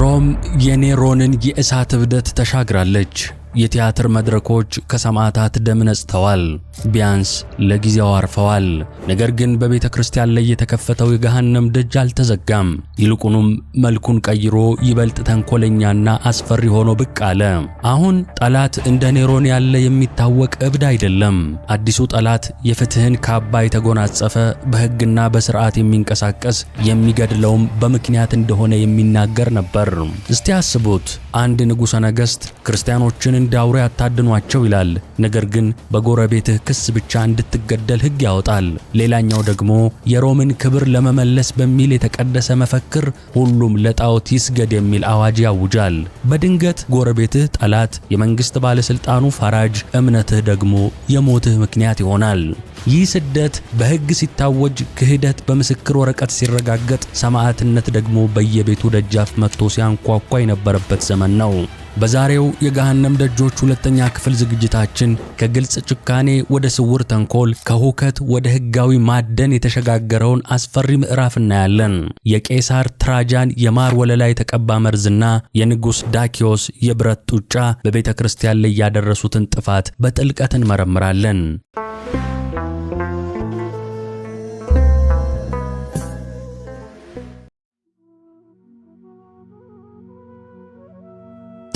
ሮም የኔሮንን የእሳት እብደት ተሻግራለች። የቲያትር መድረኮች ከሰማዕታት ደም ነጽተዋል። ቢያንስ ለጊዜው አርፈዋል። ነገር ግን በቤተ ክርስቲያን ላይ የተከፈተው የገሃነም ደጅ አልተዘጋም። ይልቁንም መልኩን ቀይሮ ይበልጥ ተንኮለኛና አስፈሪ ሆኖ ብቅ አለ። አሁን ጠላት እንደ ኔሮን ያለ የሚታወቅ እብድ አይደለም። አዲሱ ጠላት የፍትህን ካባ የተጎናጸፈ በሕግና በስርዓት የሚንቀሳቀስ የሚገድለውም በምክንያት እንደሆነ የሚናገር ነበር። እስቲ አስቡት፣ አንድ ንጉሠ ነገሥት ክርስቲያኖችን እንደ አውሬ አታድኗቸው ይላል። ነገር ግን በጎረቤትህ ክስ ብቻ እንድትገደል ሕግ ያወጣል። ሌላኛው ደግሞ የሮምን ክብር ለመመለስ በሚል የተቀደሰ መፈክር ሁሉም ለጣዖት ይስገድ የሚል አዋጅ ያውጃል። በድንገት ጎረቤትህ ጠላት፣ የመንግሥት ባለሥልጣኑ ፈራጅ፣ እምነትህ ደግሞ የሞትህ ምክንያት ይሆናል። ይህ ስደት በሕግ ሲታወጅ ክህደት በምስክር ወረቀት ሲረጋገጥ፣ ሰማዕትነት ደግሞ በየቤቱ ደጃፍ መጥቶ ሲያንኳኳ የነበረበት ዘመን ነው። በዛሬው የገሃነም ደጆች ሁለተኛ ክፍል ዝግጅታችን ከግልጽ ጭካኔ ወደ ስውር ተንኮል፣ ከሁከት ወደ ሕጋዊ ማደን የተሸጋገረውን አስፈሪ ምዕራፍ እናያለን። የቄሳር ትራጃን የማር ወለላ የተቀባ መርዝና የንጉሥ ዳኪዮስ የብረት ጡጫ በቤተ ክርስቲያን ላይ ያደረሱትን ጥፋት በጥልቀት እንመረምራለን።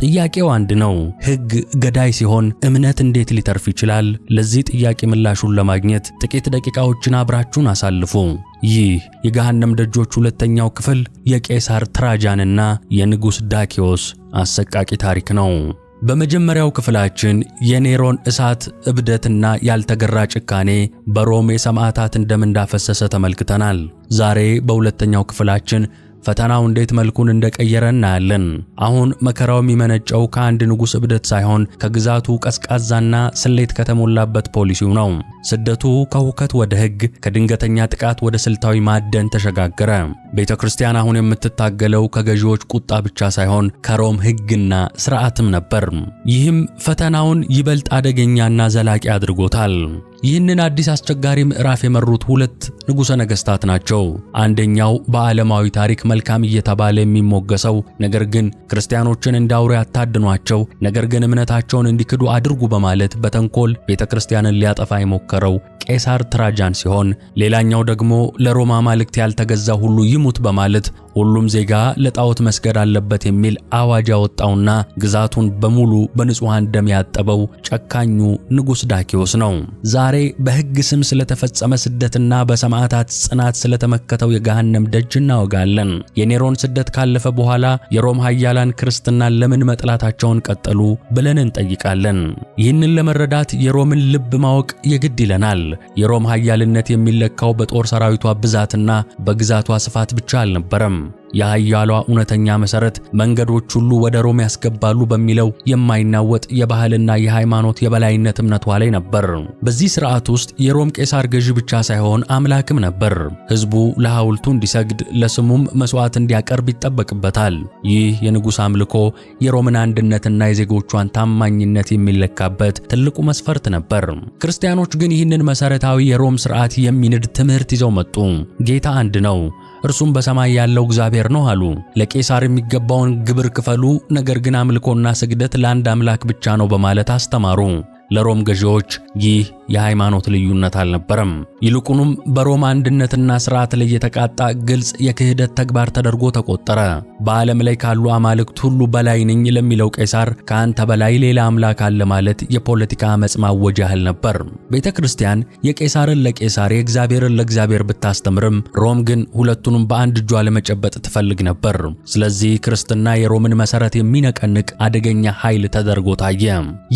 ጥያቄው አንድ ነው። ሕግ ገዳይ ሲሆን እምነት እንዴት ሊተርፍ ይችላል? ለዚህ ጥያቄ ምላሹን ለማግኘት ጥቂት ደቂቃዎችን አብራችሁን አሳልፉ። ይህ የገሃነም ደጆች ሁለተኛው ክፍል የቄሳር ትራጃንና የንጉሥ ዳኪዎስ አሰቃቂ ታሪክ ነው። በመጀመሪያው ክፍላችን የኔሮን እሳት እብደትና ያልተገራ ጭካኔ በሮም የሰማዕታት ደም እንዳፈሰሰ ተመልክተናል። ዛሬ በሁለተኛው ክፍላችን ፈተናው እንዴት መልኩን እንደቀየረ እናያለን። አሁን መከራው የሚመነጨው ከአንድ ንጉሥ እብደት ሳይሆን ከግዛቱ ቀዝቃዛና ስሌት ከተሞላበት ፖሊሲው ነው። ስደቱ ከሁከት ወደ ሕግ፣ ከድንገተኛ ጥቃት ወደ ስልታዊ ማደን ተሸጋገረ። ቤተ ክርስቲያን አሁን የምትታገለው ከገዢዎች ቁጣ ብቻ ሳይሆን ከሮም ሕግና ሥርዓትም ነበር። ይህም ፈተናውን ይበልጥ አደገኛና ዘላቂ አድርጎታል። ይህንን አዲስ አስቸጋሪ ምዕራፍ የመሩት ሁለት ንጉሠ ነገሥታት ናቸው። አንደኛው በዓለማዊ ታሪክ መልካም እየተባለ የሚሞገሰው ነገር ግን ክርስቲያኖችን እንደ አውሬ ያታድኗቸው፣ ነገር ግን እምነታቸውን እንዲክዱ አድርጉ በማለት በተንኮል ቤተ ክርስቲያንን ሊያጠፋ የሞከረው ቄሳር ትራጃን ሲሆን ሌላኛው ደግሞ ለሮማ ማልክት ያልተገዛ ሁሉ ይሙት በማለት ሁሉም ዜጋ ለጣዖት መስገድ አለበት የሚል አዋጅ ያወጣውና ግዛቱን በሙሉ በንጹሐን ደም ያጠበው ጨካኙ ንጉሥ ዳኪዎስ ነው። ዛሬ በሕግ ስም ስለተፈጸመ ስደትና በሰማዕታት ጽናት ስለተመከተው የገሃነም ደጅ እናወጋለን። የኔሮን ስደት ካለፈ በኋላ የሮም ኃያላን ክርስትናን ለምን መጥላታቸውን ቀጠሉ ብለን እንጠይቃለን። ይህንን ለመረዳት የሮምን ልብ ማወቅ የግድ ይለናል። የሮም ኃያልነት የሚለካው በጦር ሰራዊቷ ብዛትና በግዛቷ ስፋት ብቻ አልነበረም። የኃያሏ እውነተኛ መሠረት መንገዶች ሁሉ ወደ ሮም ያስገባሉ በሚለው የማይናወጥ የባህልና የሃይማኖት የበላይነት እምነቷ ላይ ነበር። በዚህ ሥርዓት ውስጥ የሮም ቄሳር ገዢ ብቻ ሳይሆን አምላክም ነበር። ሕዝቡ ለሐውልቱ እንዲሰግድ፣ ለስሙም መሥዋዕት እንዲያቀርብ ይጠበቅበታል። ይህ የንጉሥ አምልኮ የሮምን አንድነትና የዜጎቿን ታማኝነት የሚለካበት ትልቁ መስፈርት ነበር። ክርስቲያኖች ግን ይህንን መሠረታዊ የሮም ሥርዓት የሚንድ ትምህርት ይዘው መጡ። ጌታ አንድ ነው እርሱም በሰማይ ያለው እግዚአብሔር ነው አሉ። ለቄሳር የሚገባውን ግብር ክፈሉ፣ ነገር ግን አምልኮና ስግደት ለአንድ አምላክ ብቻ ነው በማለት አስተማሩ። ለሮም ገዢዎች ይህ የሃይማኖት ልዩነት አልነበረም። ይልቁንም በሮማ አንድነትና ሥርዓት ላይ የተቃጣ ግልጽ የክህደት ተግባር ተደርጎ ተቆጠረ። በዓለም ላይ ካሉ አማልክት ሁሉ በላይ ነኝ ለሚለው ቄሳር ከአንተ በላይ ሌላ አምላክ አለ ማለት የፖለቲካ መጽማወጃ ማወጅ ያህል ነበር። ቤተ ክርስቲያን የቄሳርን ለቄሳር የእግዚአብሔርን ለእግዚአብሔር ብታስተምርም ሮም ግን ሁለቱንም በአንድ እጇ ለመጨበጥ ትፈልግ ነበር። ስለዚህ ክርስትና የሮምን መሠረት የሚነቀንቅ አደገኛ ኃይል ተደርጎ ታየ።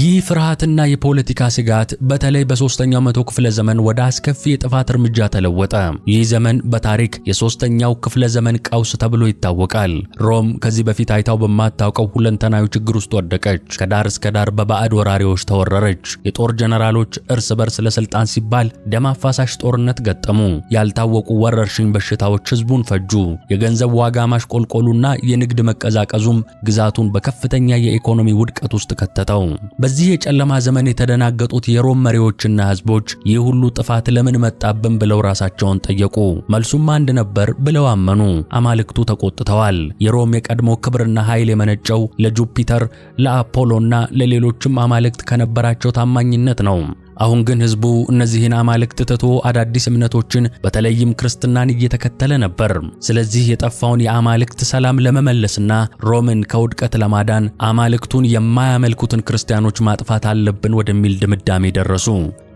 ይህ ፍርሃትና የፖለቲካ ስጋት በተለይ በሶ የሶስተኛው መቶ ክፍለ ዘመን ወደ አስከፊ የጥፋት እርምጃ ተለወጠ። ይህ ዘመን በታሪክ የሶስተኛው ክፍለ ዘመን ቀውስ ተብሎ ይታወቃል። ሮም ከዚህ በፊት አይታው በማታውቀው ሁለንተናዊ ችግር ውስጥ ወደቀች። ከዳር እስከ ዳር በባዕድ ወራሪዎች ተወረረች። የጦር ጀነራሎች እርስ በርስ ለስልጣን ሲባል ደም አፋሳሽ ጦርነት ገጠሙ። ያልታወቁ ወረርሽኝ በሽታዎች ሕዝቡን ፈጁ። የገንዘብ ዋጋ ማሽቆልቆሉና የንግድ መቀዛቀዙም ግዛቱን በከፍተኛ የኢኮኖሚ ውድቀት ውስጥ ከተተው። በዚህ የጨለማ ዘመን የተደናገጡት የሮም መሪዎችን እስራኤልና ህዝቦች ይህ ሁሉ ጥፋት ለምን መጣብን ብለው ራሳቸውን ጠየቁ። መልሱም አንድ ነበር ብለው አመኑ። አማልክቱ ተቆጥተዋል። የሮም የቀድሞ ክብርና ኃይል የመነጨው ለጁፒተር፣ ለአፖሎና ለሌሎችም አማልክት ከነበራቸው ታማኝነት ነው። አሁን ግን ህዝቡ እነዚህን አማልክት ትቶ አዳዲስ እምነቶችን በተለይም ክርስትናን እየተከተለ ነበር። ስለዚህ የጠፋውን የአማልክት ሰላም ለመመለስና ሮምን ከውድቀት ለማዳን አማልክቱን የማያመልኩትን ክርስቲያኖች ማጥፋት አለብን ወደሚል ድምዳሜ ደረሱ።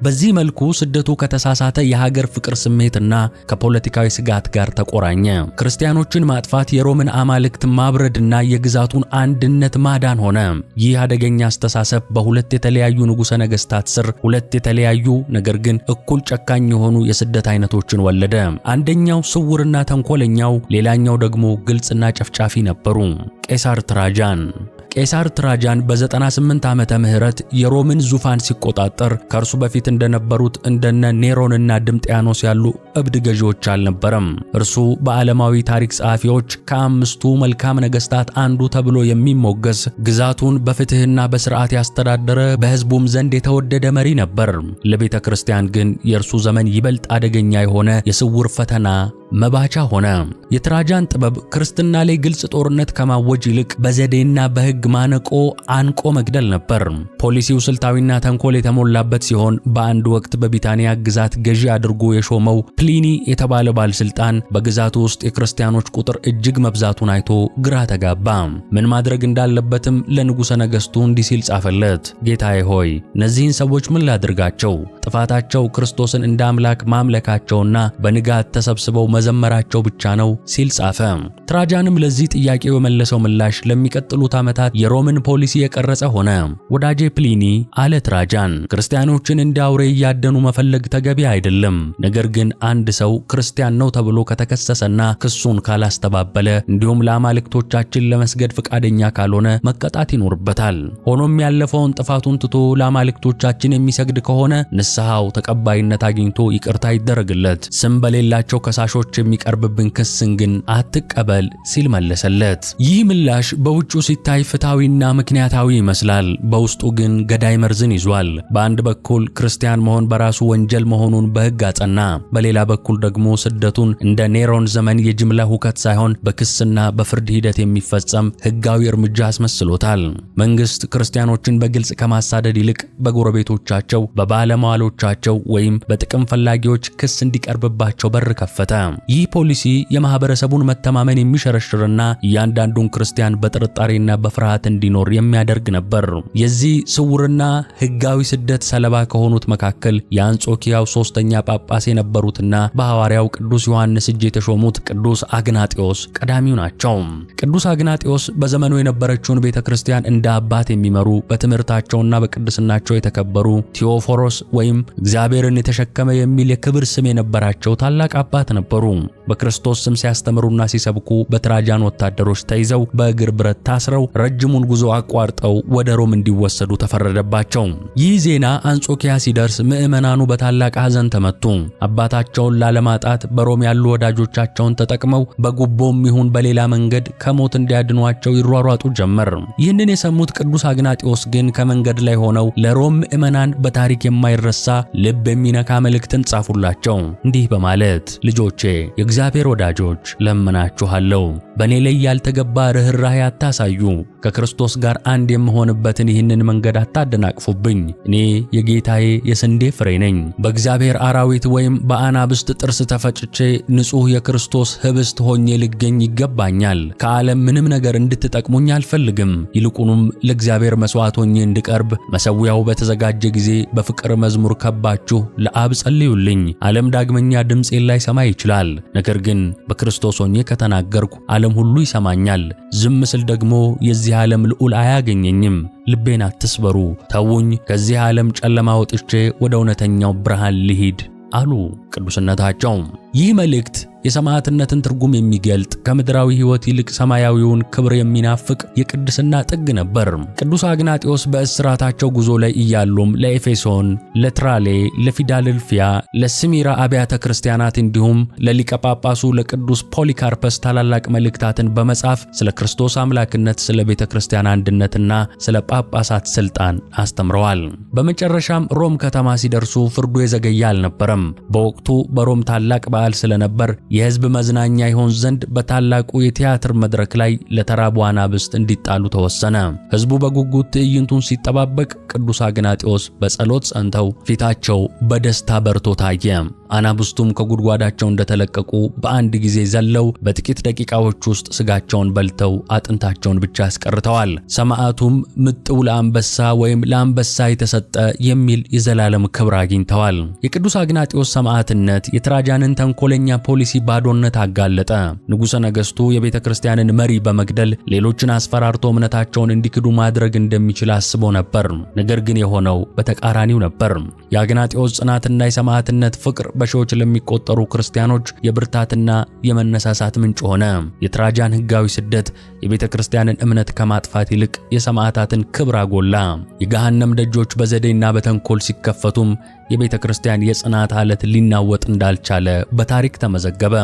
በዚህ መልኩ ስደቱ ከተሳሳተ የሀገር ፍቅር ስሜትና ከፖለቲካዊ ስጋት ጋር ተቆራኘ። ክርስቲያኖችን ማጥፋት፣ የሮምን አማልክት ማብረድና የግዛቱን አንድነት ማዳን ሆነ። ይህ አደገኛ አስተሳሰብ በሁለት የተለያዩ ንጉሠ ነገሥታት ስር ሁለት የተለያዩ ነገር ግን እኩል ጨካኝ የሆኑ የስደት አይነቶችን ወለደ። አንደኛው ስውርና ተንኮለኛው፣ ሌላኛው ደግሞ ግልጽና ጨፍጫፊ ነበሩ። ቄሳር ትራጃን ቄሳር ትራጃን በ98 ዓመተ ምህረት የሮምን ዙፋን ሲቆጣጠር ከእርሱ በፊት እንደነበሩት እንደነ ኔሮንና ድምጥያኖስ ያሉ እብድ ገዢዎች አልነበረም። እርሱ በዓለማዊ ታሪክ ጸሐፊዎች ከአምስቱ መልካም ነገሥታት አንዱ ተብሎ የሚሞገስ ግዛቱን በፍትሕና በሥርዓት ያስተዳደረ በሕዝቡም ዘንድ የተወደደ መሪ ነበር። ለቤተ ክርስቲያን ግን የእርሱ ዘመን ይበልጥ አደገኛ የሆነ የስውር ፈተና መባቻ ሆነ። የትራጃን ጥበብ ክርስትና ላይ ግልጽ ጦርነት ከማወጅ ይልቅ በዘዴና በሕግ ማነቆ አንቆ መግደል ነበር። ፖሊሲው ስልታዊና ተንኮል የተሞላበት ሲሆን በአንድ ወቅት በቢታንያ ግዛት ገዢ አድርጎ የሾመው ፕሊኒ የተባለ ባለስልጣን በግዛቱ ውስጥ የክርስቲያኖች ቁጥር እጅግ መብዛቱን አይቶ ግራ ተጋባ። ምን ማድረግ እንዳለበትም ለንጉሠ ነገሥቱ እንዲህ ሲል ጻፈለት። ጌታዬ ሆይ እነዚህን ሰዎች ምን ላድርጋቸው? ጥፋታቸው ክርስቶስን እንደ አምላክ ማምለካቸውና በንጋት ተሰብስበው መዘመራቸው ብቻ ነው ሲል ጻፈ። ትራጃንም ለዚህ ጥያቄ በመለሰው ምላሽ ለሚቀጥሉት ዓመታት የሮምን ፖሊሲ የቀረጸ ሆነ። ወዳጄ ፕሊኒ አለ ትራጃን፣ ክርስቲያኖችን እንደ አውሬ እያደኑ መፈለግ ተገቢ አይደለም። ነገር ግን አንድ ሰው ክርስቲያን ነው ተብሎ ከተከሰሰና ክሱን ካላስተባበለ እንዲሁም ለአማልክቶቻችን ለመስገድ ፈቃደኛ ካልሆነ መቀጣት ይኖርበታል። ሆኖም ያለፈውን ጥፋቱን ትቶ ለአማልክቶቻችን የሚሰግድ ከሆነ ንስሐው ተቀባይነት አግኝቶ ይቅርታ ይደረግለት። ስም በሌላቸው ከሳሾች ሰዎች የሚቀርብብን ክስን ግን አትቀበል ሲል መለሰለት። ይህ ምላሽ በውጩ ሲታይ ፍትሐዊና ምክንያታዊ ይመስላል፣ በውስጡ ግን ገዳይ መርዝን ይዟል። በአንድ በኩል ክርስቲያን መሆን በራሱ ወንጀል መሆኑን በሕግ አጸና፣ በሌላ በኩል ደግሞ ስደቱን እንደ ኔሮን ዘመን የጅምላ ሁከት ሳይሆን በክስና በፍርድ ሂደት የሚፈጸም ሕጋዊ እርምጃ አስመስሎታል። መንግስት ክርስቲያኖችን በግልጽ ከማሳደድ ይልቅ በጎረቤቶቻቸው፣ በባለመዋሎቻቸው ወይም በጥቅም ፈላጊዎች ክስ እንዲቀርብባቸው በር ከፈተ። ይህ ፖሊሲ የማህበረሰቡን መተማመን የሚሸረሽርና እያንዳንዱን ክርስቲያን በጥርጣሬና በፍርሃት እንዲኖር የሚያደርግ ነበር። የዚህ ስውርና ህጋዊ ስደት ሰለባ ከሆኑት መካከል የአንጾኪያው ሶስተኛ ጳጳስ የነበሩትና በሐዋርያው ቅዱስ ዮሐንስ እጅ የተሾሙት ቅዱስ አግናጢዎስ ቀዳሚው ናቸው። ቅዱስ አግናጢዮስ በዘመኑ የነበረችውን ቤተ ክርስቲያን እንደ አባት የሚመሩ በትምህርታቸውና በቅድስናቸው የተከበሩ ቴዎፎሮስ ወይም እግዚአብሔርን የተሸከመ የሚል የክብር ስም የነበራቸው ታላቅ አባት ነበሩ። በክርስቶስ ስም ሲያስተምሩና ሲሰብኩ በትራጃን ወታደሮች ተይዘው በእግር ብረት ታስረው ረጅሙን ጉዞ አቋርጠው ወደ ሮም እንዲወሰዱ ተፈረደባቸው። ይህ ዜና አንጾኪያ ሲደርስ ምዕመናኑ በታላቅ ሐዘን ተመቱ። አባታቸውን ላለማጣት በሮም ያሉ ወዳጆቻቸውን ተጠቅመው በጉቦም ይሁን በሌላ መንገድ ከሞት እንዲያድኗቸው ይሯሯጡ ጀመር። ይህንን የሰሙት ቅዱስ አግናጢዎስ ግን ከመንገድ ላይ ሆነው ለሮም ምዕመናን በታሪክ የማይረሳ ልብ የሚነካ መልእክትን ጻፉላቸው እንዲህ በማለት ልጆቼ የእግዚአብሔር ወዳጆች ለምናችኋለሁ፣ በእኔ ላይ ያልተገባ ርኅራኄ አታሳዩ። ከክርስቶስ ጋር አንድ የምሆንበትን ይህንን መንገድ አታደናቅፉብኝ። እኔ የጌታዬ የስንዴ ፍሬ ነኝ። በእግዚአብሔር አራዊት ወይም በአናብስት ጥርስ ተፈጭቼ ንጹሕ የክርስቶስ ኅብስት ሆኜ ልገኝ ይገባኛል። ከዓለም ምንም ነገር እንድትጠቅሙኝ አልፈልግም። ይልቁኑም ለእግዚአብሔር መሥዋዕት ሆኜ እንድቀርብ መሠዊያው በተዘጋጀ ጊዜ በፍቅር መዝሙር ከባችሁ ለአብ ጸልዩልኝ። ዓለም ዳግመኛ ድምፄን ላይሰማ ይችላል። ይሰማል። ነገር ግን በክርስቶስ ሆኜ ከተናገርኩ ዓለም ሁሉ ይሰማኛል። ዝም ስል ደግሞ የዚህ ዓለም ልዑል አያገኘኝም። ልቤን አትስበሩ፣ ተውኝ፣ ከዚህ ዓለም ጨለማ ወጥቼ ወደ እውነተኛው ብርሃን ልሂድ አሉ ቅዱስነታቸው። ይህ መልእክት የሰማዕትነትን ትርጉም የሚገልጥ ከምድራዊ ሕይወት ይልቅ ሰማያዊውን ክብር የሚናፍቅ የቅድስና ጥግ ነበር። ቅዱስ አግናጢዮስ በእስራታቸው ጉዞ ላይ እያሉም ለኤፌሶን፣ ለትራሌ፣ ለፊላደልፊያ፣ ለስሚራ አብያተ ክርስቲያናት እንዲሁም ለሊቀ ጳጳሱ ለቅዱስ ፖሊካርፐስ ታላላቅ መልእክታትን በመጻፍ ስለ ክርስቶስ አምላክነት፣ ስለ ቤተ ክርስቲያን አንድነትና ስለ ጳጳሳት ሥልጣን አስተምረዋል። በመጨረሻም ሮም ከተማ ሲደርሱ ፍርዱ የዘገየ አልነበረም። በወቅቱ በሮም ታላቅ በዓል ስለነበር የሕዝብ መዝናኛ ይሆን ዘንድ በታላቁ የቲያትር መድረክ ላይ ለተራቡ አናብስት እንዲጣሉ ተወሰነ። ሕዝቡ በጉጉት ትዕይንቱን ሲጠባበቅ ቅዱስ አግናጢዎስ በጸሎት ጸንተው ፊታቸው በደስታ በርቶ ታየ። አናብስቱም ከጉድጓዳቸው እንደተለቀቁ በአንድ ጊዜ ዘለው በጥቂት ደቂቃዎች ውስጥ ስጋቸውን በልተው አጥንታቸውን ብቻ አስቀርተዋል። ሰማዕቱም ምጥው ለአንበሳ ወይም ለአንበሳ የተሰጠ የሚል የዘላለም ክብር አግኝተዋል። የቅዱስ አግናጢዎስ ሰማዕትነት የትራጃንን ተንኮለኛ ፖሊሲ ባዶነት አጋለጠ። ንጉሠ ነገሥቱ የቤተ ክርስቲያንን መሪ በመግደል ሌሎችን አስፈራርቶ እምነታቸውን እንዲክዱ ማድረግ እንደሚችል አስቦ ነበር። ነገር ግን የሆነው በተቃራኒው ነበር። የአግናጢዎስ ጽናትና የሰማዕትነት ፍቅር በሺዎች ለሚቆጠሩ ክርስቲያኖች የብርታትና የመነሳሳት ምንጭ ሆነ። የትራጃን ሕጋዊ ስደት የቤተ ክርስቲያንን እምነት ከማጥፋት ይልቅ የሰማዕታትን ክብር አጎላ። የገሃነም ደጆች በዘዴና በተንኮል ሲከፈቱም የቤተ ክርስቲያን የጽናት ዓለት ሊናወጥ እንዳልቻለ በታሪክ ተመዘገበ።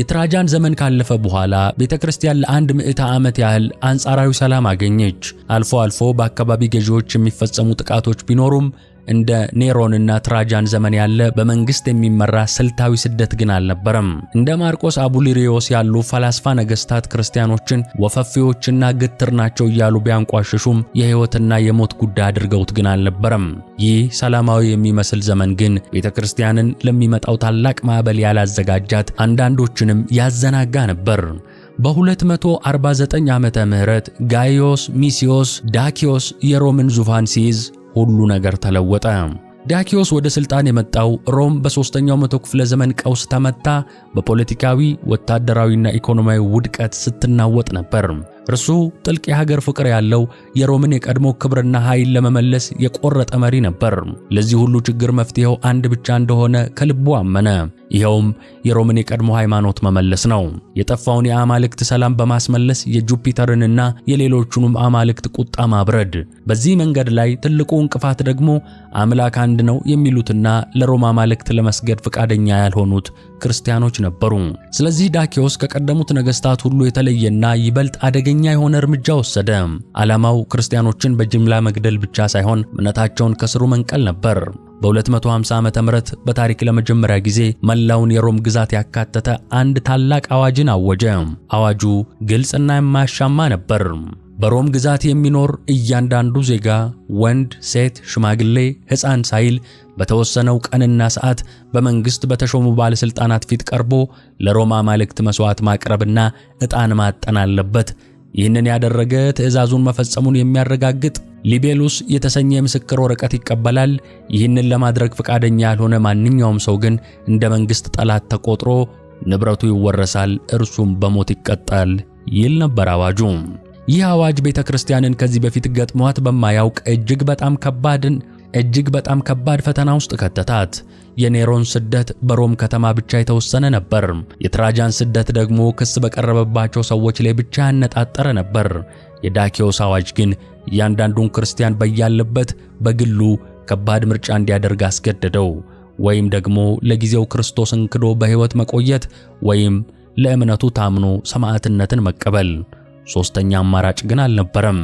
የትራጃን ዘመን ካለፈ በኋላ ቤተ ክርስቲያን ለአንድ ምዕተ ዓመት ያህል አንጻራዊ ሰላም አገኘች። አልፎ አልፎ በአካባቢ ገዢዎች የሚፈጸሙ ጥቃቶች ቢኖሩም እንደ ኔሮንና ትራጃን ዘመን ያለ በመንግስት የሚመራ ስልታዊ ስደት ግን አልነበረም። እንደ ማርቆስ አቡሊሪዮስ ያሉ ፈላስፋ ነገስታት ክርስቲያኖችን ወፈፌዎችና ግትር ናቸው እያሉ ቢያንቋሽሹም የሕይወትና የሞት ጉዳይ አድርገውት ግን አልነበረም። ይህ ሰላማዊ የሚመስል ዘመን ግን ቤተክርስቲያንን ለሚመጣው ታላቅ ማዕበል ያላዘጋጃት፣ አንዳንዶችንም ያዘናጋ ነበር። በ249 ዓመተ ምህረት ጋይዮስ ሚሲዮስ ዳኪዮስ የሮምን ዙፋን ሲይዝ ሁሉ ነገር ተለወጠ። ዳኪዮስ ወደ ስልጣን የመጣው ሮም በሦስተኛው መቶ ክፍለ ዘመን ቀውስ ተመታ፣ በፖለቲካዊ ወታደራዊና ኢኮኖሚያዊ ውድቀት ስትናወጥ ነበር። እርሱ ጥልቅ የሀገር ፍቅር ያለው የሮምን የቀድሞ ክብርና ኃይል ለመመለስ የቆረጠ መሪ ነበር። ለዚህ ሁሉ ችግር መፍትሄው አንድ ብቻ እንደሆነ ከልቡ አመነ። ይኸውም የሮምን የቀድሞ ሃይማኖት መመለስ ነው። የጠፋውን የአማልክት ሰላም በማስመለስ የጁፒተርንና የሌሎቹንም አማልክት ቁጣ ማብረድ። በዚህ መንገድ ላይ ትልቁ እንቅፋት ደግሞ አምላክ አንድ ነው የሚሉትና ለሮማ አማልክት ለመስገድ ፈቃደኛ ያልሆኑት ክርስቲያኖች ነበሩ። ስለዚህ ዳኪዎስ ከቀደሙት ነገሥታት ሁሉ የተለየና ይበልጥ አደገ አደገኛ የሆነ እርምጃ ወሰደ። ዓላማው ክርስቲያኖችን በጅምላ መግደል ብቻ ሳይሆን እምነታቸውን ከስሩ መንቀል ነበር። በ250 ዓመተ ምህረት በታሪክ ለመጀመሪያ ጊዜ መላውን የሮም ግዛት ያካተተ አንድ ታላቅ አዋጅን አወጀ። አዋጁ ግልጽና የማያሻማ ነበር። በሮም ግዛት የሚኖር እያንዳንዱ ዜጋ ወንድ፣ ሴት፣ ሽማግሌ፣ ሕፃን ሳይል በተወሰነው ቀንና ሰዓት በመንግሥት በተሾሙ ባለሥልጣናት ፊት ቀርቦ ለሮማ ማልክት መሥዋዕት ማቅረብና ዕጣን ማጠን አለበት። ይህንን ያደረገ ትዕዛዙን መፈጸሙን የሚያረጋግጥ ሊቤሉስ የተሰኘ የምስክር ወረቀት ይቀበላል። ይህንን ለማድረግ ፈቃደኛ ያልሆነ ማንኛውም ሰው ግን እንደ መንግሥት ጠላት ተቆጥሮ ንብረቱ ይወረሳል፣ እርሱም በሞት ይቀጣል ይል ነበር አዋጁ። ይህ አዋጅ ቤተ ክርስቲያንን ከዚህ በፊት ገጥሟት በማያውቅ እጅግ በጣም ከባድን እጅግ በጣም ከባድ ፈተና ውስጥ ከተታት። የኔሮን ስደት በሮም ከተማ ብቻ የተወሰነ ነበር። የትራጃን ስደት ደግሞ ክስ በቀረበባቸው ሰዎች ላይ ብቻ ያነጣጠረ ነበር። የዳኪዮስ አዋጅ ግን እያንዳንዱን ክርስቲያን በያለበት በግሉ ከባድ ምርጫ እንዲያደርግ አስገደደው። ወይም ደግሞ ለጊዜው ክርስቶስን ክዶ በሕይወት መቆየት ወይም ለእምነቱ ታምኖ ሰማዕትነትን መቀበል። ሦስተኛ አማራጭ ግን አልነበረም።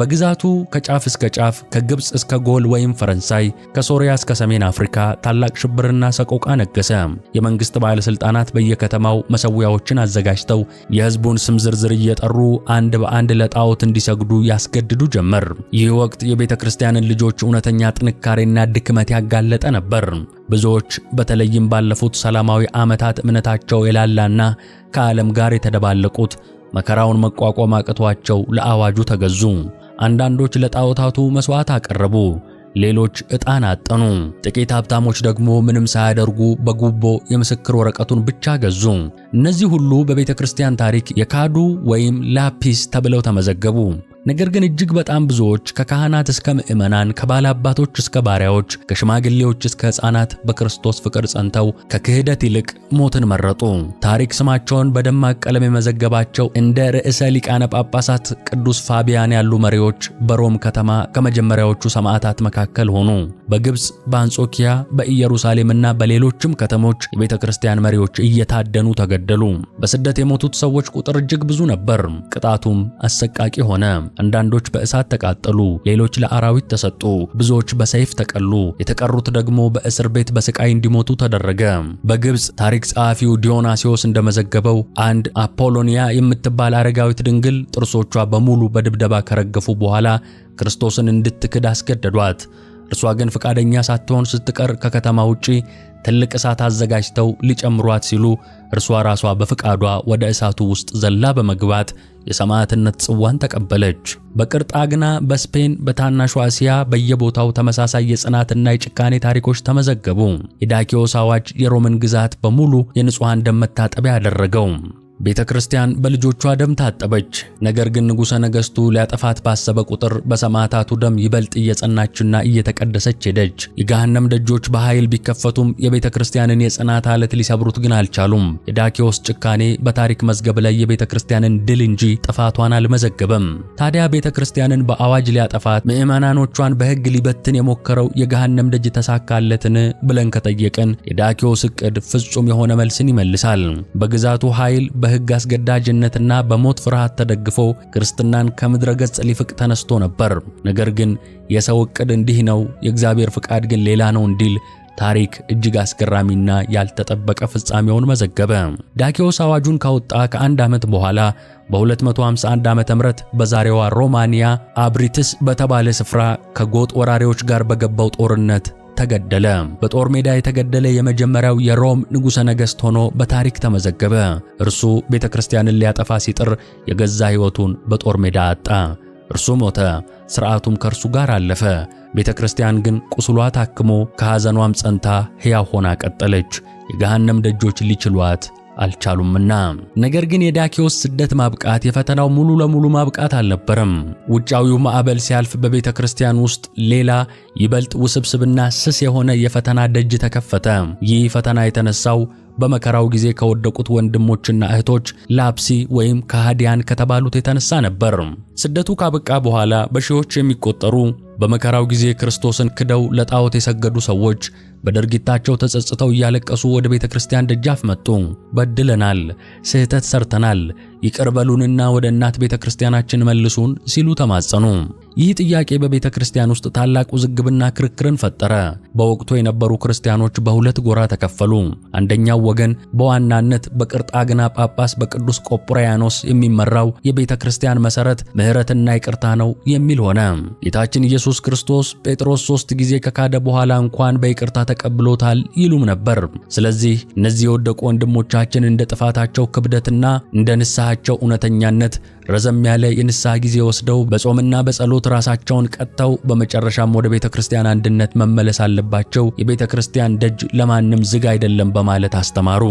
በግዛቱ ከጫፍ እስከ ጫፍ ከግብፅ እስከ ጎል ወይም ፈረንሳይ ከሶሪያ እስከ ሰሜን አፍሪካ ታላቅ ሽብርና ሰቆቃ ነገሰ። የመንግስት ባለስልጣናት በየከተማው መሰዊያዎችን አዘጋጅተው የህዝቡን ስም ዝርዝር እየጠሩ አንድ በአንድ ለጣዖት እንዲሰግዱ ያስገድዱ ጀመር። ይህ ወቅት የቤተ ክርስቲያንን ልጆች እውነተኛ ጥንካሬና ድክመት ያጋለጠ ነበር። ብዙዎች በተለይም ባለፉት ሰላማዊ ዓመታት እምነታቸው የላላና ከዓለም ጋር የተደባለቁት መከራውን መቋቋም አቅቷቸው ለአዋጁ ተገዙ። አንዳንዶች ለጣዖታቱ መሥዋዕት አቀረቡ፣ ሌሎች ዕጣን አጠኑ። ጥቂት ሀብታሞች ደግሞ ምንም ሳያደርጉ በጉቦ የምስክር ወረቀቱን ብቻ ገዙ። እነዚህ ሁሉ በቤተ ክርስቲያን ታሪክ የካዱ ወይም ላፒስ ተብለው ተመዘገቡ። ነገር ግን እጅግ በጣም ብዙዎች ከካህናት እስከ ምዕመናን፣ ከባላባቶች እስከ ባሪያዎች፣ ከሽማግሌዎች እስከ ሕፃናት በክርስቶስ ፍቅር ጸንተው ከክህደት ይልቅ ሞትን መረጡ። ታሪክ ስማቸውን በደማቅ ቀለም የመዘገባቸው እንደ ርዕሰ ሊቃነ ጳጳሳት ቅዱስ ፋቢያን ያሉ መሪዎች በሮም ከተማ ከመጀመሪያዎቹ ሰማዕታት መካከል ሆኑ። በግብፅ፣ በአንጾኪያ፣ በኢየሩሳሌምና በሌሎችም ከተሞች የቤተ ክርስቲያን መሪዎች እየታደኑ ተገደሉ። በስደት የሞቱት ሰዎች ቁጥር እጅግ ብዙ ነበር። ቅጣቱም አሰቃቂ ሆነ። አንዳንዶች በእሳት ተቃጠሉ፣ ሌሎች ለአራዊት ተሰጡ፣ ብዙዎች በሰይፍ ተቀሉ፣ የተቀሩት ደግሞ በእስር ቤት በስቃይ እንዲሞቱ ተደረገ። በግብፅ ታሪክ ጸሐፊው ዲዮናሲዮስ እንደመዘገበው አንድ አፖሎኒያ የምትባል አረጋዊት ድንግል ጥርሶቿ በሙሉ በድብደባ ከረገፉ በኋላ ክርስቶስን እንድትክድ አስገደዷት። እርሷ ግን ፈቃደኛ ሳትሆን ስትቀር ከከተማ ውጪ ትልቅ እሳት አዘጋጅተው ሊጨምሯት ሲሉ እርሷ ራሷ በፍቃዷ ወደ እሳቱ ውስጥ ዘላ በመግባት የሰማዕትነት ጽዋን ተቀበለች። በቅርጣ ግና በስፔን በታናሹ አሲያ በየቦታው ተመሳሳይ የጽናትና የጭካኔ ታሪኮች ተመዘገቡ። የዳኪዮስ አዋጅ የሮምን ግዛት በሙሉ የንጹሐን ደም መታጠቢያ አደረገው። ቤተ ክርስቲያን በልጆቿ ደም ታጠበች። ነገር ግን ንጉሠ ነገሥቱ ሊያጠፋት ባሰበ ቁጥር በሰማዕታቱ ደም ይበልጥ እየጸናችና እየተቀደሰች ሄደች። የገሃነም ደጆች በኃይል ቢከፈቱም የቤተ ክርስቲያንን የጽናት ዓለት ሊሰብሩት ግን አልቻሉም። የዳኪዎስ ጭካኔ በታሪክ መዝገብ ላይ የቤተ ክርስቲያንን ድል እንጂ ጥፋቷን አልመዘገበም። ታዲያ ቤተ ክርስቲያንን በአዋጅ ሊያጠፋት፣ ምዕመናኖቿን በሕግ ሊበትን የሞከረው የገሃነም ደጅ ተሳካለትን ብለን ከጠየቅን የዳኪዎስ ዕቅድ ፍጹም የሆነ መልስን ይመልሳል። በግዛቱ ኃይል በሕግ አስገዳጅነትና በሞት ፍርሃት ተደግፎ ክርስትናን ከምድረ ገጽ ሊፍቅ ተነስቶ ነበር። ነገር ግን የሰው ዕቅድ እንዲህ ነው፣ የእግዚአብሔር ፍቃድ ግን ሌላ ነው እንዲል ታሪክ እጅግ አስገራሚና ያልተጠበቀ ፍጻሜውን መዘገበ። ዳኪዎስ አዋጁን ካወጣ ከአንድ ዓመት በኋላ በ251 ዓመተ ምህረት በዛሬዋ ሮማንያ አብሪትስ በተባለ ስፍራ ከጎጥ ወራሪዎች ጋር በገባው ጦርነት ተገደለ። በጦር ሜዳ የተገደለ የመጀመሪያው የሮም ንጉሠ ነገሥት ሆኖ በታሪክ ተመዘገበ። እርሱ ቤተ ክርስቲያንን ሊያጠፋ ሲጥር የገዛ ሕይወቱን በጦር ሜዳ አጣ። እርሱ ሞተ፣ ሥርዓቱም ከእርሱ ጋር አለፈ። ቤተ ክርስቲያን ግን ቁስሏ ታክሞ ከሐዘኗም ጸንታ ሕያው ሆና ቀጠለች። የገሃነም ደጆች ሊችሏት አልቻሉምና። ነገር ግን የዳኪዎስ ስደት ማብቃት የፈተናው ሙሉ ለሙሉ ማብቃት አልነበረም። ውጫዊው ማዕበል ሲያልፍ በቤተ ክርስቲያን ውስጥ ሌላ ይበልጥ ውስብስብና ስስ የሆነ የፈተና ደጅ ተከፈተ። ይህ ፈተና የተነሳው በመከራው ጊዜ ከወደቁት ወንድሞችና እህቶች ላፕሲ ወይም ከሃዲያን ከተባሉት የተነሳ ነበር። ስደቱ ካበቃ በኋላ በሺዎች የሚቆጠሩ በመከራው ጊዜ ክርስቶስን ክደው ለጣዖት የሰገዱ ሰዎች በድርጊታቸው ተጸጽተው እያለቀሱ ወደ ቤተ ክርስቲያን ደጃፍ መጡ። በድለናል፣ ስህተት ሰርተናል፣ ይቅርበሉንና ወደ እናት ቤተ ክርስቲያናችን መልሱን ሲሉ ተማጸኑ። ይህ ጥያቄ በቤተ ክርስቲያን ውስጥ ታላቅ ውዝግብና ክርክርን ፈጠረ። በወቅቱ የነበሩ ክርስቲያኖች በሁለት ጎራ ተከፈሉ። አንደኛው ወገን በዋናነት በቅርጣግና ጳጳስ በቅዱስ ቆጵርያኖስ የሚመራው የቤተ ክርስቲያን መሠረት ምሕረትና ይቅርታ ነው የሚል ሆነ። ጌታችን ኢየሱስ ኢየሱስ ክርስቶስ ጴጥሮስ ሦስት ጊዜ ከካደ በኋላ እንኳን በይቅርታ ተቀብሎታል ይሉም ነበር። ስለዚህ እነዚህ የወደቁ ወንድሞቻችን እንደ ጥፋታቸው ክብደትና እንደ ንስሐቸው እውነተኛነት ረዘም ያለ የንስሐ ጊዜ ወስደው በጾምና በጸሎት ራሳቸውን ቀጥተው በመጨረሻም ወደ ቤተ ክርስቲያን አንድነት መመለስ አለባቸው። የቤተ ክርስቲያን ደጅ ለማንም ዝግ አይደለም በማለት አስተማሩ።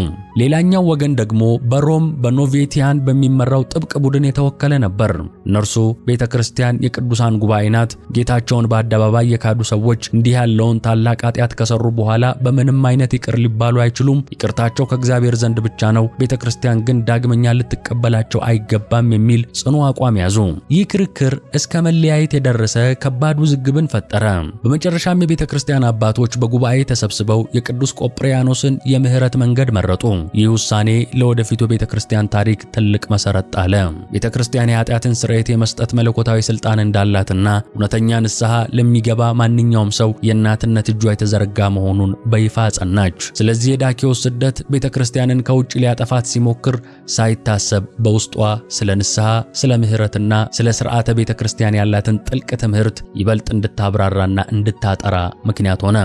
ሌላኛው ወገን ደግሞ በሮም በኖቬቲያን በሚመራው ጥብቅ ቡድን የተወከለ ነበር። እነርሱ ቤተ ክርስቲያን የቅዱሳን ጉባኤ ናት፣ ጌታቸውን በአደባባይ የካዱ ሰዎች እንዲህ ያለውን ታላቅ ኃጢአት ከሰሩ በኋላ በምንም አይነት ይቅር ሊባሉ አይችሉም፣ ይቅርታቸው ከእግዚአብሔር ዘንድ ብቻ ነው፣ ቤተ ክርስቲያን ግን ዳግመኛ ልትቀበላቸው አይገባም የሚል ጽኑ አቋም ያዙ። ይህ ክርክር እስከ መለያየት የደረሰ ከባድ ውዝግብን ፈጠረ። በመጨረሻም የቤተ ክርስቲያን አባቶች በጉባኤ ተሰብስበው የቅዱስ ቆጵሪያኖስን የምህረት መንገድ መረጡ። ይህ ውሳኔ ለወደፊቱ ቤተ ክርስቲያን ታሪክ ትልቅ መሰረት ጣለ። ቤተ ክርስቲያን የኃጢአትን ስርየት የመስጠት መለኮታዊ ስልጣን እንዳላትና እውነተኛ ንስሐ ለሚገባ ማንኛውም ሰው የእናትነት እጇ የተዘረጋ መሆኑን በይፋ ጸናች። ስለዚህ የዳኪዎስ ስደት ቤተ ክርስቲያንን ከውጭ ሊያጠፋት ሲሞክር ሳይታሰብ በውስጧ ስለ ንስሐ ስለ ምሕረትና ስለ ሥርዓተ ቤተ ክርስቲያን ያላትን ጥልቅ ትምህርት ይበልጥ እንድታብራራና እንድታጠራ ምክንያት ሆነ።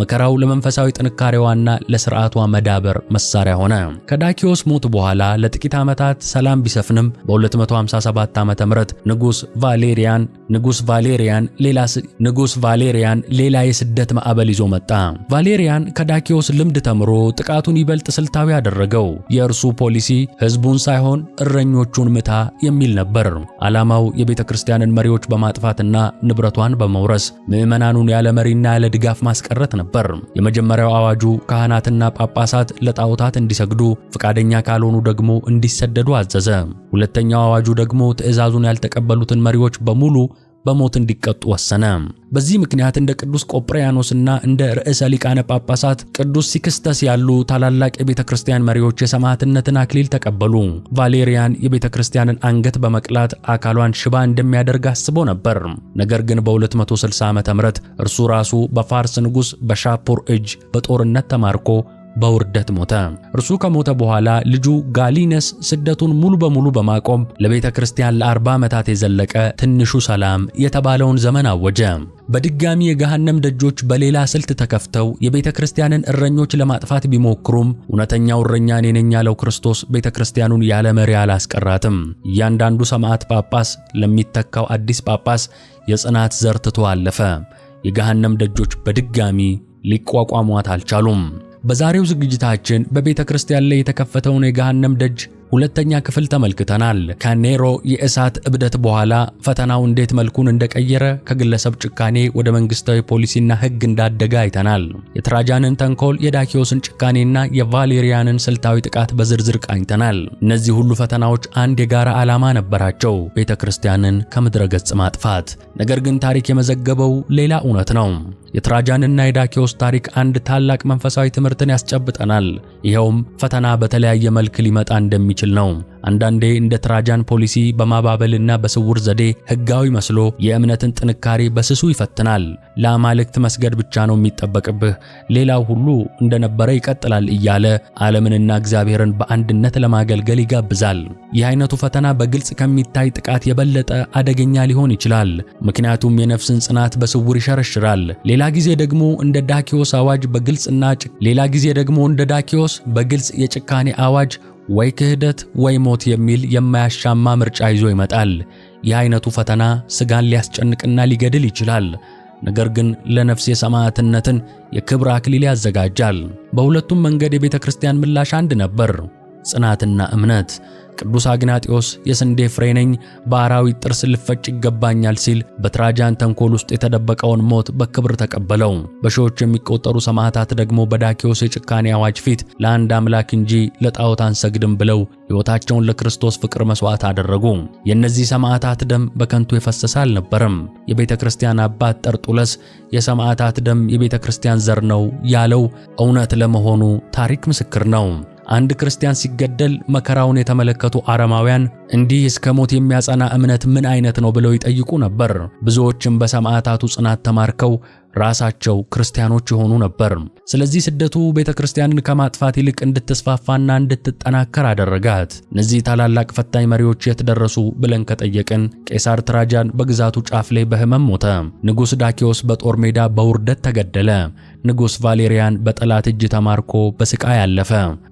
መከራው ለመንፈሳዊ ጥንካሬዋና ለሥርዓቷ መዳበር መሳሪያ ሆነ። ከዳኪዮስ ሞት በኋላ ለጥቂት ዓመታት ሰላም ቢሰፍንም በ257 ዓ ም ንጉሥ ቫሌሪያን ንጉሥ ቫሌሪያን ሌላ ንጉሥ ቫሌሪያን ሌላ የስደት ማዕበል ይዞ መጣ። ቫሌሪያን ከዳኪዮስ ልምድ ተምሮ ጥቃቱን ይበልጥ ስልታዊ አደረገው። የእርሱ ፖሊሲ ሕዝቡን ሳይሆን እረኞቹን ምታ የሚል ነበር። ዓላማው የቤተ ክርስቲያንን መሪዎች በማጥፋትና ንብረቷን በመውረስ ምዕመናኑን ያለ መሪና ያለ ድጋፍ ማስቀረት ነበር። የመጀመሪያው አዋጁ ካህናትና ጳጳሳት ለጣዖታት እንዲሰግዱ፣ ፈቃደኛ ካልሆኑ ደግሞ እንዲሰደዱ አዘዘ። ሁለተኛው አዋጁ ደግሞ ትእዛዙን ያልተቀበሉትን መሪዎች በሙሉ በሞት እንዲቀጡ ወሰነ። በዚህ ምክንያት እንደ ቅዱስ ቆጵሪያኖስና እንደ ርዕሰ ሊቃነ ጳጳሳት ቅዱስ ሲክስተስ ያሉ ታላላቅ የቤተ ክርስቲያን መሪዎች የሰማዕትነትን አክሊል ተቀበሉ። ቫሌሪያን የቤተ ክርስቲያንን አንገት በመቅላት አካሏን ሽባ እንደሚያደርግ አስቦ ነበር። ነገር ግን በ260 ዓ.ም እርሱ ራሱ በፋርስ ንጉሥ በሻፑር እጅ በጦርነት ተማርኮ በውርደት ሞተ። እርሱ ከሞተ በኋላ ልጁ ጋሊነስ ስደቱን ሙሉ በሙሉ በማቆም ለቤተ ክርስቲያን ለ40 ዓመታት የዘለቀ ትንሹ ሰላም የተባለውን ዘመን አወጀ። በድጋሚ የገሃነም ደጆች በሌላ ስልት ተከፍተው የቤተ ክርስቲያንን እረኞች ለማጥፋት ቢሞክሩም እውነተኛው እረኛ እኔ ነኝ ያለው ክርስቶስ ቤተ ክርስቲያኑን ያለ መሪ አላስቀራትም። እያንዳንዱ ሰማዕት ጳጳስ ለሚተካው አዲስ ጳጳስ የጽናት ዘር ትቶ አለፈ። የገሃነም ደጆች በድጋሚ ሊቋቋሟት አልቻሉም። በዛሬው ዝግጅታችን በቤተ ክርስቲያን ላይ የተከፈተውን የገሃነም ደጅ ሁለተኛ ክፍል ተመልክተናል። ከኔሮ የእሳት እብደት በኋላ ፈተናው እንዴት መልኩን እንደቀየረ ከግለሰብ ጭካኔ ወደ መንግስታዊ ፖሊሲና ህግ እንዳደገ አይተናል። የትራጃንን ተንኮል፣ የዳኪዮስን ጭካኔና የቫሌሪያንን ስልታዊ ጥቃት በዝርዝር ቃኝተናል። እነዚህ ሁሉ ፈተናዎች አንድ የጋራ ዓላማ ነበራቸው፣ ቤተ ክርስቲያንን ከምድረ ገጽ ማጥፋት። ነገር ግን ታሪክ የመዘገበው ሌላ እውነት ነው። የትራጃንና የዳኪዎስ ታሪክ አንድ ታላቅ መንፈሳዊ ትምህርትን ያስጨብጠናል። ይኸውም ፈተና በተለያየ መልክ ሊመጣ እንደሚችል የሚችል ነው። አንዳንዴ እንደ ትራጃን ፖሊሲ በማባበልና በስውር ዘዴ ሕጋዊ መስሎ የእምነትን ጥንካሬ በስሱ ይፈትናል። ለአማልክት መስገድ ብቻ ነው የሚጠበቅብህ፣ ሌላው ሁሉ እንደነበረ ይቀጥላል እያለ ዓለምንና እግዚአብሔርን በአንድነት ለማገልገል ይጋብዛል። ይህ አይነቱ ፈተና በግልጽ ከሚታይ ጥቃት የበለጠ አደገኛ ሊሆን ይችላል፣ ምክንያቱም የነፍስን ጽናት በስውር ይሸረሽራል። ሌላ ጊዜ ደግሞ እንደ ዳኪዮስ አዋጅ በግልጽና ሌላ ጊዜ ደግሞ እንደ ዳኪዮስ በግልጽ የጭካኔ አዋጅ ወይ ክህደት ወይ ሞት የሚል የማያሻማ ምርጫ ይዞ ይመጣል። የአይነቱ አይነቱ ፈተና ስጋን ሊያስጨንቅና ሊገድል ይችላል። ነገር ግን ለነፍስ የሰማዕትነትን የክብር አክሊል ያዘጋጃል። በሁለቱም መንገድ የቤተ ክርስቲያን ምላሽ አንድ ነበር። ጽናትና እምነት ቅዱስ አግናጢዮስ የስንዴ ፍሬ ነኝ፣ በአራዊት ጥርስ ልፈጭ ይገባኛል ሲል በትራጃን ተንኮል ውስጥ የተደበቀውን ሞት በክብር ተቀበለው። በሺዎች የሚቆጠሩ ሰማዕታት ደግሞ በዳኪዎስ የጭካኔ አዋጅ ፊት ለአንድ አምላክ እንጂ ለጣዖት አንሰግድም ብለው ሕይወታቸውን ለክርስቶስ ፍቅር መሥዋዕት አደረጉ። የእነዚህ ሰማዕታት ደም በከንቱ የፈሰሰ አልነበረም። የቤተ ክርስቲያን አባት ጠርጡለስ የሰማዕታት ደም የቤተ ክርስቲያን ዘር ነው ያለው እውነት ለመሆኑ ታሪክ ምስክር ነው። አንድ ክርስቲያን ሲገደል መከራውን የተመለከቱ አረማውያን እንዲህ እስከ ሞት የሚያጸና እምነት ምን አይነት ነው ብለው ይጠይቁ ነበር። ብዙዎችም በሰማዕታቱ ጽናት ተማርከው ራሳቸው ክርስቲያኖች የሆኑ ነበር። ስለዚህ ስደቱ ቤተ ክርስቲያንን ከማጥፋት ይልቅ እንድትስፋፋና እንድትጠናከር አደረጋት። እነዚህ ታላላቅ ፈታኝ መሪዎች የት ደረሱ ብለን ከጠየቅን ቄሳር ትራጃን በግዛቱ ጫፍ ላይ በህመም ሞተ። ንጉሥ ዳኪዎስ በጦር ሜዳ በውርደት ተገደለ። ንጉሥ ቫሌሪያን በጠላት እጅ ተማርኮ በስቃይ አለፈ።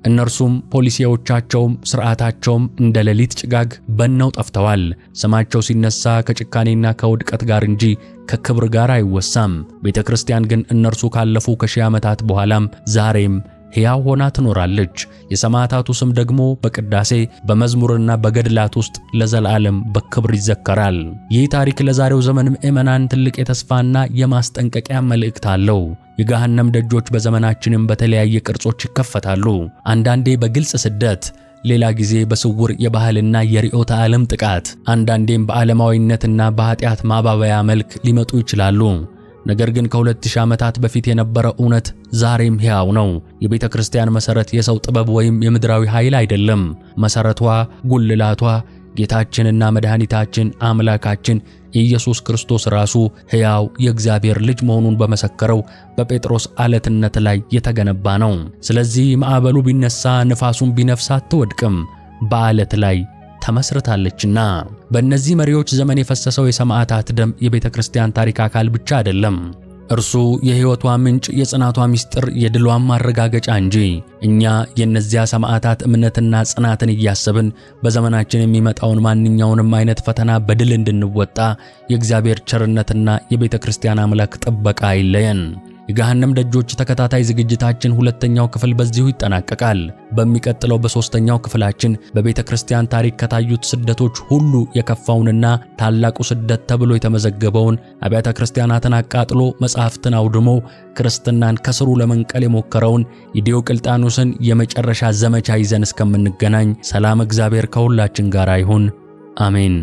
እነርሱም ፖሊሲዎቻቸውም ሥርዓታቸውም እንደ ሌሊት ጭጋግ በነው ጠፍተዋል። ስማቸው ሲነሳ ከጭካኔና ከውድቀት ጋር እንጂ ከክብር ጋር አይወሳም። ቤተ ክርስቲያን ግን እነርሱ ካለፉ ከሺህ ዓመታት በኋላም ዛሬም ሕያው ሆና ትኖራለች። የሰማዕታቱ ስም ደግሞ በቅዳሴ በመዝሙርና በገድላት ውስጥ ለዘላለም በክብር ይዘከራል። ይህ ታሪክ ለዛሬው ዘመን ምዕመናን ትልቅ የተስፋና የማስጠንቀቂያ መልእክት አለው። የገሃነም ደጆች በዘመናችንም በተለያየ ቅርጾች ይከፈታሉ። አንዳንዴ በግልጽ ስደት ሌላ ጊዜ በስውር የባህልና የርዕዮተ ዓለም ጥቃት፣ አንዳንዴም በዓለማዊነትና በኃጢአት ማባበያ መልክ ሊመጡ ይችላሉ። ነገር ግን ከ2000 ዓመታት በፊት የነበረ እውነት ዛሬም ሕያው ነው። የቤተ ክርስቲያን መሠረት የሰው ጥበብ ወይም የምድራዊ ኃይል አይደለም። መሠረቷ፣ ጉልላቷ ጌታችንና መድኃኒታችን አምላካችን ኢየሱስ ክርስቶስ ራሱ ሕያው የእግዚአብሔር ልጅ መሆኑን በመሰከረው በጴጥሮስ አለትነት ላይ የተገነባ ነው። ስለዚህ ማዕበሉ ቢነሳ፣ ንፋሱን ቢነፍስ አትወድቅም፣ በአለት ላይ ተመስርታለችና። በእነዚህ መሪዎች ዘመን የፈሰሰው የሰማዕታት ደም የቤተ ክርስቲያን ታሪክ አካል ብቻ አይደለም። እርሱ የሕይወቷ ምንጭ፣ የጽናቷ ምስጢር፣ የድሏም ማረጋገጫ እንጂ። እኛ የእነዚያ ሰማዕታት እምነትና ጽናትን እያሰብን በዘመናችን የሚመጣውን ማንኛውንም አይነት ፈተና በድል እንድንወጣ የእግዚአብሔር ቸርነትና የቤተ ክርስቲያን አምላክ ጥበቃ አይለየን። የገሃነም ደጆች ተከታታይ ዝግጅታችን ሁለተኛው ክፍል በዚሁ ይጠናቀቃል። በሚቀጥለው በሦስተኛው ክፍላችን በቤተ ክርስቲያን ታሪክ ከታዩት ስደቶች ሁሉ የከፋውንና ታላቁ ስደት ተብሎ የተመዘገበውን አብያተ ክርስቲያናትን አቃጥሎ መጻሕፍትን አውድሞ ክርስትናን ከስሩ ለመንቀል የሞከረውን የዲዮቅልጣኖስን የመጨረሻ ዘመቻ ይዘን እስከምንገናኝ ሰላም፣ እግዚአብሔር ከሁላችን ጋር ይሁን። አሜን።